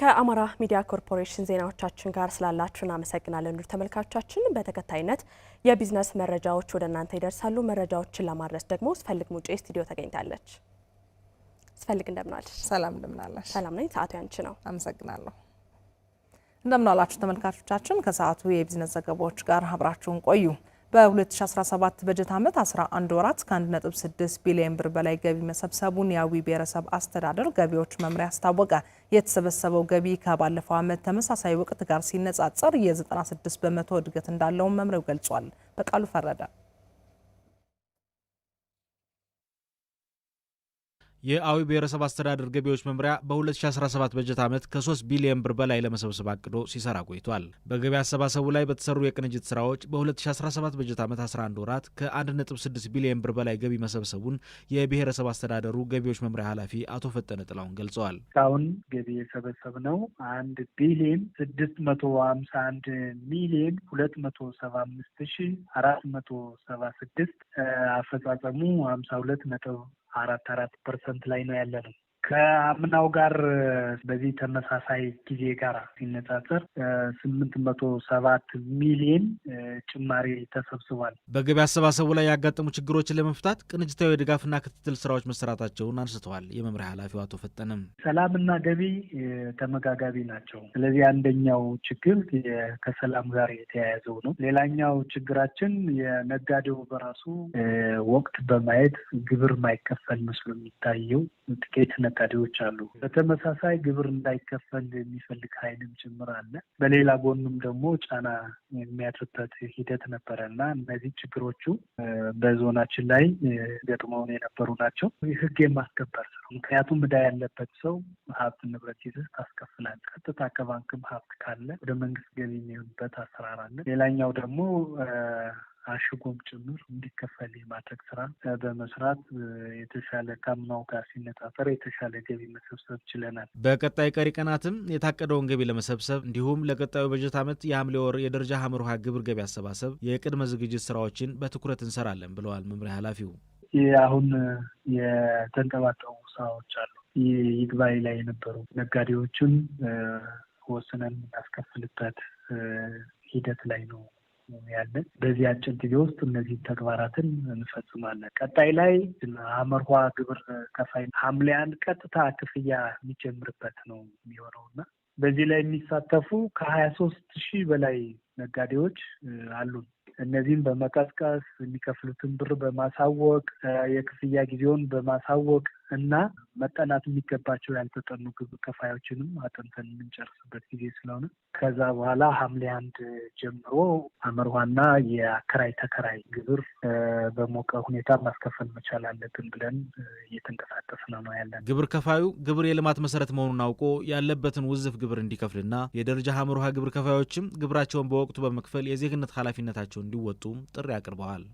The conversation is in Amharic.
ከአማራ ሚዲያ ኮርፖሬሽን ዜናዎቻችን ጋር ስላላችሁ እናመሰግናለን። ውድ ተመልካቾቻችን በተከታይነት የቢዝነስ መረጃዎች ወደ እናንተ ይደርሳሉ። መረጃዎችን ለማድረስ ደግሞ ስፈልግ ሙጬ ስቱዲዮ ተገኝታለች። ስፈልግ እንደምናለሽ? ሰላም እንደምናለሽ? ሰላም ነኝ። ሰዓቱ ያንቺ ነው። አመሰግናለሁ። እንደምናላችሁ ተመልካቾቻችን ከሰዓቱ የቢዝነስ ዘገባዎች ጋር አብራችሁን ቆዩ። በ2017 በጀት ዓመት 11 ወራት ከ1.6 ቢሊዮን ብር በላይ ገቢ መሰብሰቡን የአዊ ብሔረሰብ አስተዳደር ገቢዎች መምሪያ አስታወቀ። የተሰበሰበው ገቢ ከባለፈው ዓመት ተመሳሳይ ወቅት ጋር ሲነጻጸር የ96 በመቶ እድገት እንዳለውን መምሪያው ገልጿል። በቃሉ ፈረደ የአዊ ብሔረሰብ አስተዳደር ገቢዎች መምሪያ በ2017 በጀት ዓመት ከ3 ቢሊዮን ብር በላይ ለመሰብሰብ አቅዶ ሲሰራ ቆይቷል። በገቢ አሰባሰቡ ላይ በተሰሩ የቅንጅት ስራዎች በ2017 በጀት ዓመት 11 ወራት ከ1.6 ቢሊዮን ብር በላይ ገቢ መሰብሰቡን የብሔረሰብ አስተዳደሩ ገቢዎች መምሪያ ኃላፊ አቶ ፈጠነ ጥላውን ገልጸዋል። እስካሁን ገቢ የሰበሰብነው 1 ቢሊዮን 651 ሚሊዮን 275 476 አፈጻጸሙ 52 ነጥብ አራት አራት ፐርሰንት ላይ ነው ያለ ነው። ከአምናው ጋር በዚህ ተመሳሳይ ጊዜ ጋር ሲነጻጸር ስምንት መቶ ሰባት ሚሊየን ጭማሪ ተሰብስቧል። በገቢ አሰባሰቡ ላይ ያጋጠሙ ችግሮችን ለመፍታት ቅንጅታዊ ድጋፍና ክትትል ስራዎች መሰራታቸውን አንስተዋል። የመምሪያ ኃላፊው አቶ ፈጠንም ሰላምና ገቢ ተመጋጋቢ ናቸው። ስለዚህ አንደኛው ችግር ከሰላም ጋር የተያያዘው ነው። ሌላኛው ችግራችን የነጋዴው በራሱ ወቅት በማየት ግብር ማይከፈል መስሎ የሚታየው ጥቂት ነጋዴዎች አሉ። በተመሳሳይ ግብር እንዳይከፈል የሚፈልግ ኃይልም ጭምር አለ። በሌላ ጎንም ደግሞ ጫና የሚያድርበት ሂደት ነበረ እና እነዚህ ችግሮቹ በዞናችን ላይ ገጥመውን የነበሩ ናቸው። ህግ የማስከበር ስራው ምክንያቱም እዳ ያለበት ሰው ሀብት ንብረት ይዘህ ታስከፍላል። ቀጥታ ከባንክም ሀብት ካለ ወደ መንግስት ገቢ የሚሆንበት አሰራር አለ። ሌላኛው ደግሞ አሽጎም ጭምር እንዲከፈል የማድረግ ስራ በመስራት የተሻለ ከምናው ጋር ሲነጻጸር የተሻለ ገቢ መሰብሰብ ችለናል። በቀጣይ ቀሪ ቀናትም የታቀደውን ገቢ ለመሰብሰብ እንዲሁም ለቀጣዩ በጀት ዓመት የሐምሌ ወር የደረጃ ሀምሮሃ ግብር ገቢ አሰባሰብ የቅድመ ዝግጅት ስራዎችን በትኩረት እንሰራለን ብለዋል መምሪያ ኃላፊው። አሁን የተንጠባጠቡ ስራዎች አሉ። ይግባይ ላይ የነበሩ ነጋዴዎችን ወስነን የምናስከፍልበት ሂደት ላይ ነው ነው ያለን። በዚህ አጭር ጊዜ ውስጥ እነዚህ ተግባራትን እንፈጽማለን። ቀጣይ ላይ አመርኋ ግብር ከፋይ ሐምሌ አንድ ቀጥታ ክፍያ የሚጀምርበት ነው የሚሆነው እና በዚህ ላይ የሚሳተፉ ከሀያ ሶስት ሺህ በላይ ነጋዴዎች አሉን። እነዚህም በመቀስቀስ የሚከፍሉትን ብር በማሳወቅ የክፍያ ጊዜውን በማሳወቅ እና መጠናት የሚገባቸው ያልተጠኑ ግብ ከፋዮችንም አጥንተን የምንጨርስበት ጊዜ ስለሆነ ከዛ በኋላ ሐምሌ አንድ ጀምሮ አመርሃና የአከራይ ተከራይ ግብር በሞቀ ሁኔታ ማስከፈል መቻል አለብን ብለን እየተንቀሳቀስን ነው ያለን። ግብር ከፋዩ ግብር የልማት መሰረት መሆኑን አውቆ ያለበትን ውዝፍ ግብር እንዲከፍልና የደረጃ ሐመርኋ ግብር ከፋዮችም ግብራቸውን በወቅቱ በመክፈል የዜግነት ኃላፊነታቸውን እንዲወጡ ጥሪ አቅርበዋል።